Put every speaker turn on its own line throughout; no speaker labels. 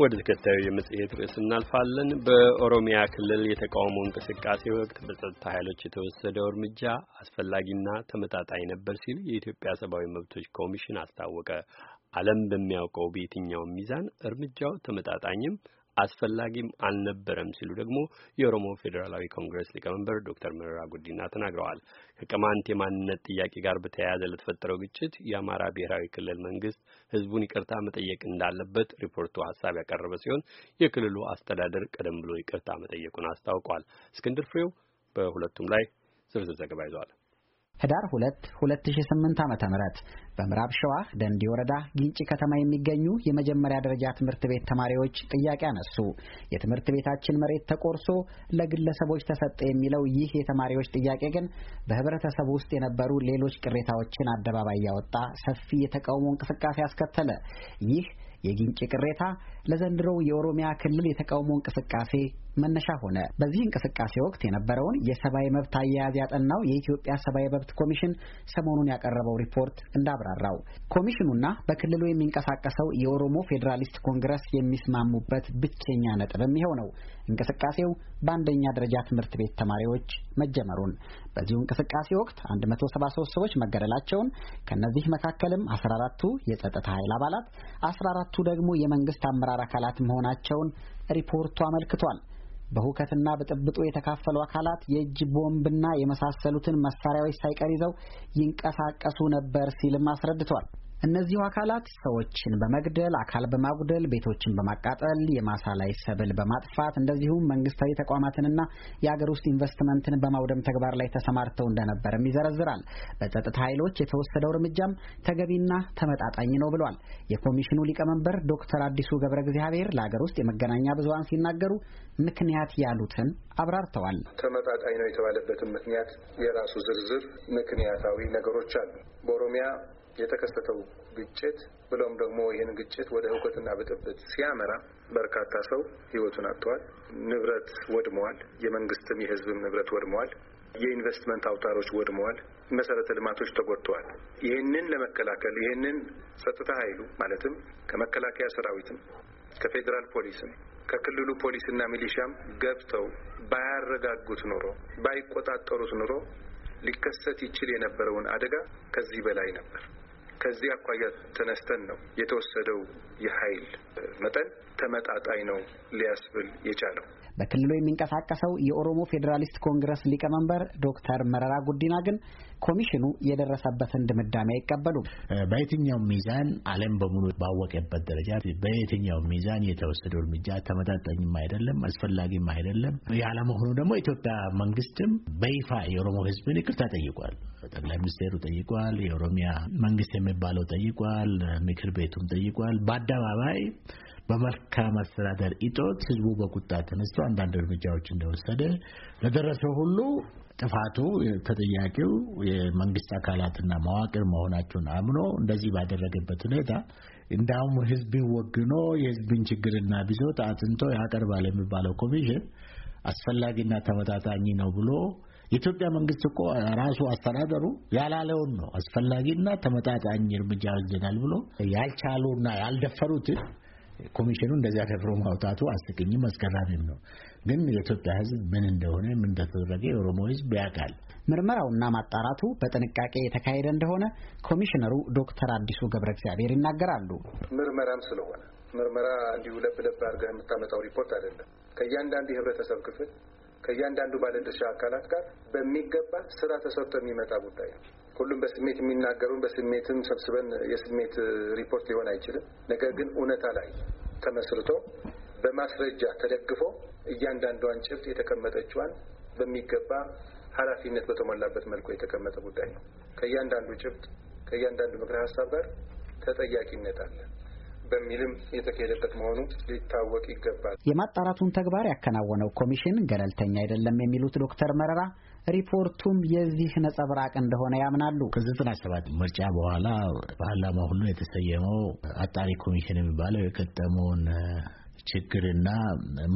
ወደ ተከታዩ የመጽሔት ርዕስ እናልፋለን። በኦሮሚያ ክልል የተቃውሞ እንቅስቃሴ ወቅት በጸጥታ ኃይሎች የተወሰደው እርምጃ አስፈላጊና ተመጣጣኝ ነበር ሲል የኢትዮጵያ ሰብአዊ መብቶች ኮሚሽን አስታወቀ። ዓለም በሚያውቀው በየትኛውም ሚዛን እርምጃው ተመጣጣኝም አስፈላጊም አልነበረም ሲሉ ደግሞ የኦሮሞ ፌዴራላዊ ኮንግረስ ሊቀመንበር ዶክተር መረራ ጉዲና ተናግረዋል። ከቅማንት የማንነት ጥያቄ ጋር በተያያዘ ለተፈጠረው ግጭት የአማራ ብሔራዊ ክልል መንግስት ህዝቡን ይቅርታ መጠየቅ እንዳለበት ሪፖርቱ ሀሳብ ያቀረበ ሲሆን የክልሉ አስተዳደር ቀደም ብሎ ይቅርታ መጠየቁን አስታውቋል። እስክንድር ፍሬው
በሁለቱም ላይ ዝርዝር ዘገባ ይዟል።
ህዳር 2 2008 ዓ.ም በምዕራብ ሸዋ ደንዲ ወረዳ ጊንጪ ከተማ የሚገኙ የመጀመሪያ ደረጃ ትምህርት ቤት ተማሪዎች ጥያቄ አነሱ። የትምህርት ቤታችን መሬት ተቆርሶ ለግለሰቦች ተሰጠ የሚለው ይህ የተማሪዎች ጥያቄ ግን በህብረተሰቡ ውስጥ የነበሩ ሌሎች ቅሬታዎችን አደባባይ ያወጣ ሰፊ የተቃውሞ እንቅስቃሴ አስከተለ። ይህ የጊንጪ ቅሬታ ለዘንድሮው የኦሮሚያ ክልል የተቃውሞ እንቅስቃሴ መነሻ ሆነ። በዚህ እንቅስቃሴ ወቅት የነበረውን የሰብአዊ መብት አያያዝ ያጠናው የኢትዮጵያ ሰብአዊ መብት ኮሚሽን ሰሞኑን ያቀረበው ሪፖርት እንዳብራራው ኮሚሽኑና በክልሉ የሚንቀሳቀሰው የኦሮሞ ፌዴራሊስት ኮንግረስ የሚስማሙበት ብቸኛ ነጥብ ይኸው ነው። እንቅስቃሴው በአንደኛ ደረጃ ትምህርት ቤት ተማሪዎች መጀመሩን፣ በዚሁ እንቅስቃሴ ወቅት 173 ሰዎች መገደላቸውን፣ ከእነዚህ መካከልም 14ቱ የጸጥታ ኃይል አባላት፣ 14ቱ ደግሞ የመንግስት አመራር አካላት መሆናቸውን ሪፖርቱ አመልክቷል። በሁከትና በጥብጡ የተካፈሉ አካላት የእጅ ቦምብና የመሳሰሉትን መሳሪያዎች ሳይቀር ይዘው ይንቀሳቀሱ ነበር ሲልም አስረድቷል። እነዚሁ አካላት ሰዎችን በመግደል አካል በማጉደል ቤቶችን በማቃጠል የማሳ ላይ ሰብል በማጥፋት እንደዚሁም መንግስታዊ ተቋማትንና የአገር ውስጥ ኢንቨስትመንትን በማውደም ተግባር ላይ ተሰማርተው እንደነበርም ይዘረዝራል። በጸጥታ ኃይሎች የተወሰደው እርምጃም ተገቢና ተመጣጣኝ ነው ብሏል። የኮሚሽኑ ሊቀመንበር ዶክተር አዲሱ ገብረ እግዚአብሔር ለአገር ውስጥ የመገናኛ ብዙሀን ሲናገሩ ምክንያት ያሉትን አብራርተዋል።
ተመጣጣኝ ነው የተባለበትን ምክንያት የራሱ ዝርዝር ምክንያታዊ ነገሮች አሉ። በኦሮሚያ የተከሰተው ግጭት ብሎም ደግሞ ይህን ግጭት ወደ እውቀትና ብጥብጥ ሲያመራ በርካታ ሰው ህይወቱን አጥተዋል። ንብረት ወድመዋል። የመንግስትም የህዝብም ንብረት ወድመዋል። የኢንቨስትመንት አውታሮች ወድመዋል። መሰረተ ልማቶች ተጎድተዋል። ይህንን ለመከላከል ይህንን ጸጥታ ኃይሉ ማለትም ከመከላከያ ሰራዊትም ከፌዴራል ፖሊስም ከክልሉ ፖሊስና ሚሊሻም ገብተው ባያረጋጉት ኑሮ ባይቆጣጠሩት ኑሮ ሊከሰት ይችል የነበረውን አደጋ ከዚህ በላይ ነበር። ከዚህ አኳያ ተነስተን ነው የተወሰደው የኃይል መጠን ተመጣጣኝ ነው ሊያስብል የቻለው።
በክልሉ የሚንቀሳቀሰው የኦሮሞ ፌዴራሊስት ኮንግረስ ሊቀመንበር ዶክተር መረራ ጉዲና ግን ኮሚሽኑ የደረሰበትን ድምዳሜ አይቀበሉም። በየትኛው ሚዛን ዓለም በሙሉ ባወቀበት ደረጃ በየትኛው ሚዛን
የተወሰደው እርምጃ ተመጣጣኝም አይደለም፣ አስፈላጊም አይደለም ያለመሆኑ ደግሞ ኢትዮጵያ መንግስትም በይፋ የኦሮሞ ህዝብን ይቅርታ ጠይቋል። ጠቅላይ ሚኒስቴሩ ጠይቋል። የኦሮሚያ መንግስት የሚባለው ጠይቋል። ምክር ቤቱም ጠይቋል። በአደባባይ በመልካም አስተዳደር እጦት ህዝቡ በቁጣ ተነስቶ አንዳንድ እርምጃዎች እንደወሰደ ለደረሰው ሁሉ ጥፋቱ ተጠያቂው የመንግስት አካላትና መዋቅር መሆናቸውን አምኖ እንደዚህ ባደረገበት ሁኔታ እንዳውም ህዝብን ወግኖ የህዝብን ችግርና ቢዞት አጥንቶ ያቀርባል የሚባለው ኮሚሽን አስፈላጊና ተመጣጣኝ ነው ብሎ የኢትዮጵያ መንግስት እኮ ራሱ አስተዳደሩ ያላለውን ነው አስፈላጊና ተመጣጣኝ እርምጃ ወስደናል ብሎ ያልቻሉና ያልደፈሩትን ኮሚሽኑ እንደዚያ
ከፍሎ ማውጣቱ አስቂኝም አስገራሚም ነው። ግን የኢትዮጵያ ሕዝብ ምን እንደሆነ ምን እንደተደረገ የኦሮሞ ሕዝብ ያውቃል። ምርመራውና ማጣራቱ በጥንቃቄ የተካሄደ እንደሆነ ኮሚሽነሩ ዶክተር አዲሱ ገብረ እግዚአብሔር ይናገራሉ።
ምርመራም ስለሆነ ምርመራ እንዲሁ ለብ ለብ አድርገህ የምታመጣው ሪፖርት አይደለም። ከእያንዳንዱ የህብረተሰብ ክፍል ከእያንዳንዱ ባለድርሻ አካላት ጋር በሚገባ ስራ ተሰርቶ የሚመጣ ጉዳይ ነው። ሁሉም በስሜት የሚናገሩን በስሜትም ሰብስበን የስሜት ሪፖርት ሊሆን አይችልም። ነገር ግን እውነታ ላይ ተመስርቶ በማስረጃ ተደግፎ እያንዳንዷን ጭብጥ የተቀመጠችዋን በሚገባ ኃላፊነት በተሞላበት መልኩ የተቀመጠ ጉዳይ ነው። ከእያንዳንዱ ጭብጥ ከእያንዳንዱ ምክረ ሀሳብ ጋር ተጠያቂነት አለ በሚልም የተካሄደበት መሆኑ ሊታወቅ ይገባል።
የማጣራቱን ተግባር ያከናወነው ኮሚሽን ገለልተኛ አይደለም የሚሉት ዶክተር መረራ ሪፖርቱም የዚህ ነጸብራቅ እንደሆነ ያምናሉ። ከዘጠና ሰባት ምርጫ በኋላ
ፓርላማ ሁሉ የተሰየመው አጣሪ ኮሚሽን የሚባለው የገጠመውን ችግርና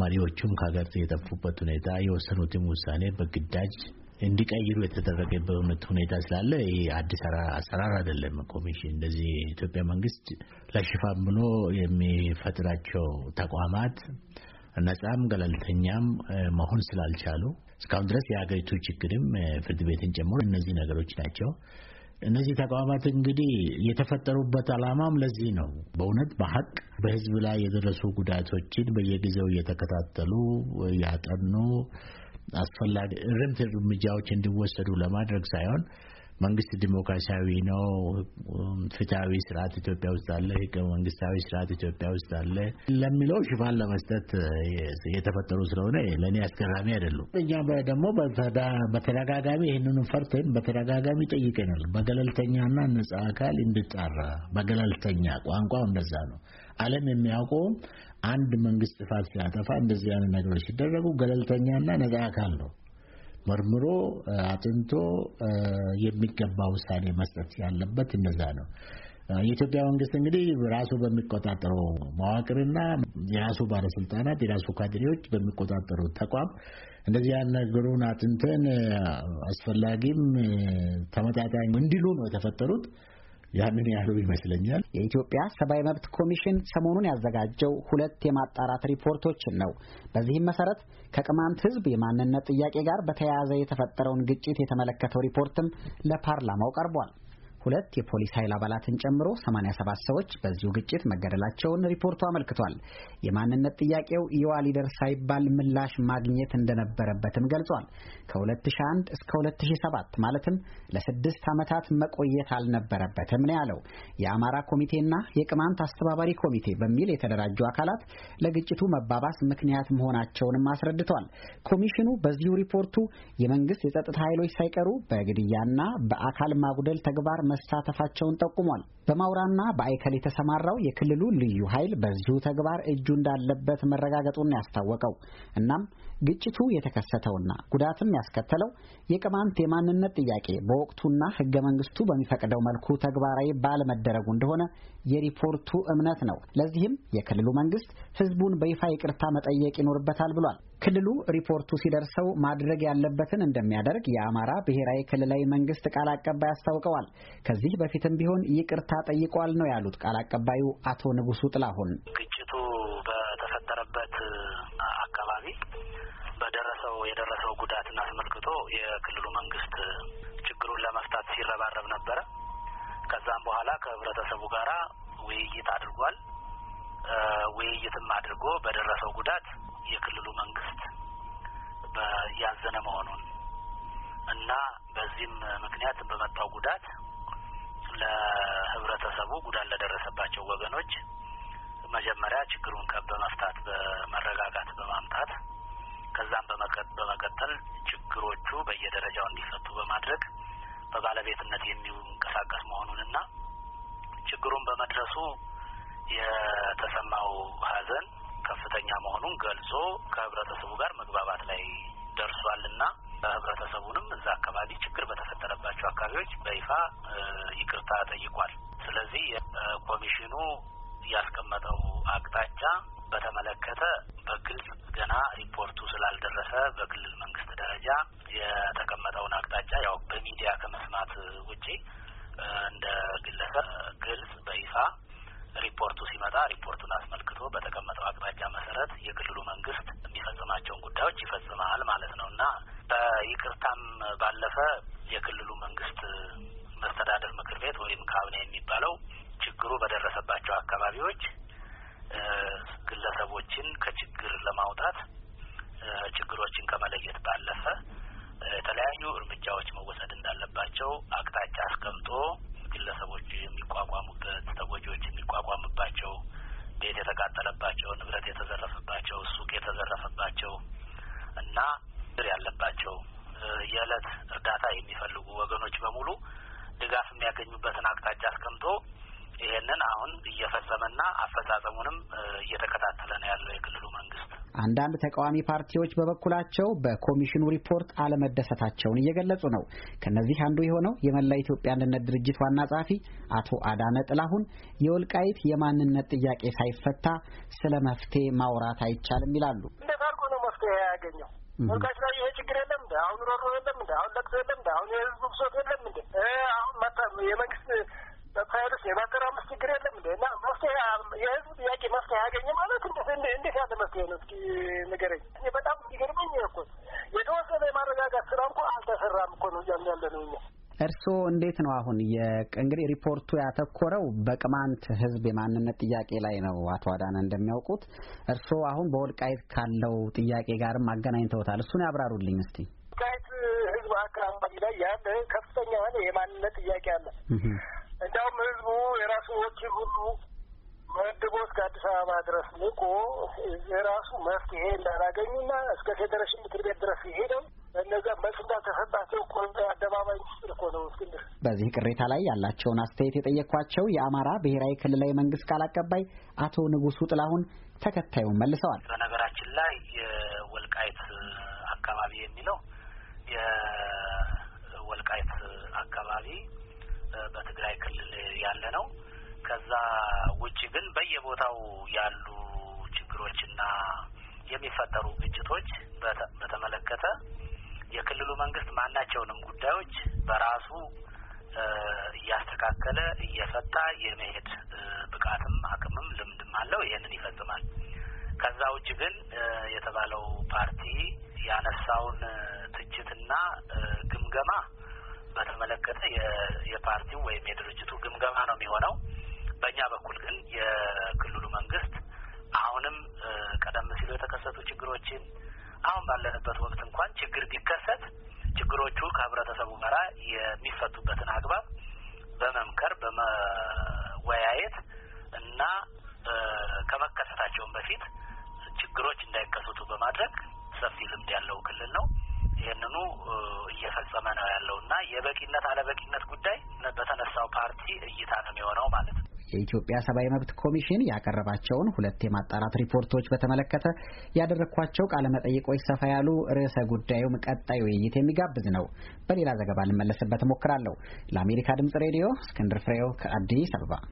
መሪዎቹም ከሀገር የጠፉበት ሁኔታ የወሰኑትም ውሳኔ በግዳጅ እንዲቀይሩ የተደረገበት ሁኔታ ስላለ ይህ አዲስ አሰራር አይደለም። ኮሚሽን እንደዚህ የኢትዮጵያ መንግስት ለሽፋን ብሎ የሚፈጥራቸው ተቋማት ነጻም ገለልተኛም መሆን ስላልቻሉ እስካሁን ድረስ የሀገሪቱ ችግርም ፍርድ ቤትን ጨምሮ እነዚህ ነገሮች ናቸው። እነዚህ ተቋማት እንግዲህ የተፈጠሩበት ዓላማም ለዚህ ነው። በእውነት በሀቅ በህዝብ ላይ የደረሱ ጉዳቶችን በየጊዜው እየተከታተሉ ያጠኑ አስፈላጊ ርምት እርምጃዎች እንዲወሰዱ ለማድረግ ሳይሆን መንግስት ዲሞክራሲያዊ ነው፣ ፍትሐዊ ስርዓት ኢትዮጵያ ውስጥ አለ፣ ህገ መንግስታዊ ስርዓት ኢትዮጵያ ውስጥ አለ ለሚለው ሽፋን ለመስጠት የተፈጠሩ ስለሆነ ለእኔ አስገራሚ አይደሉም። እኛ ደግሞ በተደጋጋሚ ይህንኑ ፈርተን በተደጋጋሚ ጠይቀናል። በገለልተኛና ነጻ አካል እንድጣራ በገለልተኛ ቋንቋ እንደዛ ነው። ዓለም የሚያውቀው አንድ መንግስት ጥፋት ሲያጠፋ እንደዚህ አይነት ነገሮች ሲደረጉ ገለልተኛና ነጻ አካል ነው መርምሮ አጥንቶ የሚገባ ውሳኔ መስጠት ያለበት እነዛ ነው። የኢትዮጵያ መንግስት እንግዲህ ራሱ በሚቆጣጠረው መዋቅርና የራሱ ባለስልጣናት የራሱ ካድሬዎች በሚቆጣጠሩ ተቋም እንደዚህ ያን ነገሩን አጥንተን
አስፈላጊም ተመጣጣኝ እንዲሉ ነው የተፈጠሩት። ያንን ያህሉ ይመስለኛል። የኢትዮጵያ ሰብአዊ መብት ኮሚሽን ሰሞኑን ያዘጋጀው ሁለት የማጣራት ሪፖርቶችን ነው። በዚህም መሰረት ከቅማንት ህዝብ የማንነት ጥያቄ ጋር በተያያዘ የተፈጠረውን ግጭት የተመለከተው ሪፖርትም ለፓርላማው ቀርቧል። ሁለት የፖሊስ ኃይል አባላትን ጨምሮ 87 ሰዎች በዚሁ ግጭት መገደላቸውን ሪፖርቱ አመልክቷል። የማንነት ጥያቄው ሊደር ሳይባል ምላሽ ማግኘት እንደነበረበትም ገልጿል። ከ2001 እስከ 2007 ማለትም ለስድስት ዓመታት መቆየት አልነበረበትም ነው ያለው። የአማራ ኮሚቴና የቅማንት አስተባባሪ ኮሚቴ በሚል የተደራጁ አካላት ለግጭቱ መባባስ ምክንያት መሆናቸውንም አስረድቷል። ኮሚሽኑ በዚሁ ሪፖርቱ የመንግስት የጸጥታ ኃይሎች ሳይቀሩ በግድያና በአካል ማጉደል ተግባር መሳተፋቸውን ጠቁሟል። በማውራና በአይከል የተሰማራው የክልሉ ልዩ ኃይል በዚሁ ተግባር እጁ እንዳለበት መረጋገጡን ያስታወቀው እናም ግጭቱ የተከሰተውና ጉዳትም ያስከተለው የቅማንት የማንነት ጥያቄ በወቅቱና ሕገ መንግስቱ በሚፈቅደው መልኩ ተግባራዊ ባለመደረጉ እንደሆነ የሪፖርቱ እምነት ነው። ለዚህም የክልሉ መንግስት ሕዝቡን በይፋ ይቅርታ መጠየቅ ይኖርበታል ብሏል። ክልሉ ሪፖርቱ ሲደርሰው ማድረግ ያለበትን እንደሚያደርግ የአማራ ብሔራዊ ክልላዊ መንግስት ቃል አቀባይ አስታውቀዋል። ከዚህ በፊትም ቢሆን ይቅርታ ጠይቋል ነው ያሉት ቃል አቀባዩ አቶ ንጉሱ ጥላሁን።
ግጭቱ
በተፈጠረበት አካባቢ በደረሰው የደረሰው ጉዳትን አስመልክቶ የክልሉ መንግስት ችግሩን ለመፍታት ሲረባረብ ነበረ። ከዛም በኋላ ከህብረተሰቡ ጋራ ውይይት አድርጓል። ውይይትም አድርጎ በደረሰው ጉዳት የክልሉ መንግስት ያዘነ መሆኑን እና በዚህም ምክንያት በመጣው ጉዳት ለህብረተሰቡ ጉዳት ለደረሰባቸው ወገኖች መጀመሪያ ችግሩን በመፍታት በመረጋጋት በማምጣት ከዛም በመቀጠል ችግሮቹ በየደረጃው እንዲፈቱ በማድረግ በባለቤትነት የሚንቀሳቀስ መሆኑንና ችግሩን በመድረሱ የተሰማው ሀዘን። ከፍተኛ መሆኑን ገልጾ ከህብረተሰቡ ጋር መግባባት ላይ ደርሷል እና ህብረተሰቡንም እዛ አካባቢ ችግር በተፈጠረባቸው አካባቢዎች በይፋ ይቅርታ ጠይቋል። ስለዚህ ኮሚሽኑ ያስቀመጠው አቅጣጫ በተመለከተ በግልጽ ገና ሪፖርቱ ስላልደረሰ በክልል መንግስት ደረጃ የተቀመጠውን አቅጣጫ ያው በሚዲያ ከመስማት ውጪ እንደ ግለሰብ ግልጽ በይፋ ሪፖርቱ ሲመጣ ሪፖርቱን አስመልክቶ በተቀመጠው አቅጣጫ መሰረት የክልሉ መንግስት የሚፈጽማቸውን ጉዳዮች ይፈጽማል ማለት ነው እና በይቅርታም ባለፈ የክልሉ መንግስት መስተዳደር ምክር ቤት ወይም ካቢኔ የሚባለው ችግሩ በደረሰባቸው አካባቢዎች ግለሰቦችን ከችግር ለማውጣት ችግሮችን ከመለየት ባለፈ የተለያዩ እርምጃዎች መወሰድ እንዳለባቸው አቅጣጫ አስቀምጦ ግለሰቦች የሚቋቋሙበት፣ ተጎጂዎች የሚቋቋምባቸው፣ ቤት የተቃጠለባቸው፣ ንብረት የተዘረፈባቸው፣ ሱቅ የተዘረፈባቸው እና ችግር ያለባቸው የዕለት እርዳታ የሚፈልጉ ወገኖች በሙሉ ድጋፍ የሚያገኙበትን አቅጣጫ አስቀምጦ ይሄንን አሁን እየፈጸመና አፈጻጸሙንም እየተከታተለ ነው ያለው የክልሉ
መንግስት። አንዳንድ ተቃዋሚ ፓርቲዎች በበኩላቸው በኮሚሽኑ ሪፖርት አለመደሰታቸውን እየገለጹ ነው። ከነዚህ አንዱ የሆነው የመላ ኢትዮጵያ አንድነት ድርጅት ዋና ጸሐፊ አቶ አዳነ ጥላሁን የወልቃይት የማንነት ጥያቄ ሳይፈታ ስለ መፍትሄ ማውራት አይቻልም ይላሉ።
እንዴት አድርጎ ነው መፍትሄ ያገኘው? ወልቃይት ላይ ይሄ ችግር የለም እንደ አሁን ሮሮ
የለም እንደ አሁን ለቅሶ የለም እንደ አሁን የህዝቡ ብሶት የለም እንደ አሁን መጣ የመንግስት በፋይሉስ የባከራ አምስት ችግር የለም እንዴ? እና መፍትሄ የህዝቡ ጥያቄ መፍትሄ ያገኘ ማለት እንዴት ያለ መፍትሄ ነው? እስኪ ንገረኝ። በጣም እንዲገርመኝ እኮ የተወሰነ የማረጋጋት ስራ
እንኳ አልተሰራም እኮ ነው እያልን ያለ ነው እኛ
እርስዎ እንዴት ነው አሁን እንግዲህ ሪፖርቱ ያተኮረው በቅማንት ህዝብ የማንነት ጥያቄ ላይ ነው። አቶ አዳነ እንደሚያውቁት እርስዎ አሁን በወልቃይት ካለው ጥያቄ ጋርም አገናኝተውታል። እሱን ያብራሩልኝ እስቲ።
ወልቃይት
ህዝብ አካባቢ ላይ ያለ ከፍተኛ የሆነ የማንነት ጥያቄ አለ። እንዲያውም ህዝቡ የራሱ ወኪ ሁሉ መድቦ እስከ አዲስ አበባ ድረስ ልቆ የራሱ መፍትሄ እንዳላገኙና እስከ ፌዴሬሽን ምክር ቤት ድረስ የሄደው እነዛ መልስ
እንዳልተሰጣቸው ቆ አደባባይ
ሚኒስትር እኮ ነው። እስክንድር በዚህ ቅሬታ ላይ ያላቸውን አስተያየት የጠየኳቸው የአማራ ብሔራዊ ክልላዊ መንግስት ቃል አቀባይ አቶ ንጉሱ ጥላሁን ተከታዩን መልሰዋል።
በነገራችን ላይ የወልቃይት አካባቢ የሚለው የወልቃይት አካባቢ በትግራይ ክልል ያለ ነው። ከዛ ውጭ ግን በየቦታው ያሉ ችግሮችና የሚፈጠሩ ግጭቶች በተመለከተ የክልሉ መንግስት ማናቸውንም ጉዳዮች በራሱ እያስተካከለ እየፈታ የመሄድ ብቃትም አቅምም ልምድም አለው። ይህንን ይፈጽማል። ከዛ ውጭ ግን የተባለው ፓርቲ ያነሳውን ትችትና ግምገማ በተመለከተ የፓርቲው ወይም የድርጅቱ ግምገማ ነው የሚሆነው። በእኛ በኩል ግን የክልሉ መንግስት አሁንም ቀደም ሲሉ የተከሰቱ ችግሮችን አሁን ባለንበት ወቅት እንኳን ችግር ቢከሰት ችግሮቹ ከህብረተሰቡ ጋራ የሚፈቱበትን አግባብ በመምከር በመወያየት እና ከመከሰታቸውን በፊት ችግሮች እንዳይከሰቱ በማድረግ ሰፊ ልምድ ያለው ክልል ነው። ይህንኑ እየፈጸመ ነው ያለው እና የበቂነት አለበቂነት ጉዳይ በተነሳው ፓርቲ እይታ ነው የሚሆነው ማለት
ነው። የኢትዮጵያ ሰብአዊ መብት ኮሚሽን ያቀረባቸውን ሁለት የማጣራት ሪፖርቶች በተመለከተ ያደረግኳቸው ቃለመጠይቆች ሰፋ ያሉ ርዕሰ ጉዳዩም ቀጣይ ውይይት የሚጋብዝ ነው። በሌላ ዘገባ ልመለስበት እሞክራለሁ። ለአሜሪካ ድምጽ ሬዲዮ እስክንድር ፍሬው ከአዲስ አበባ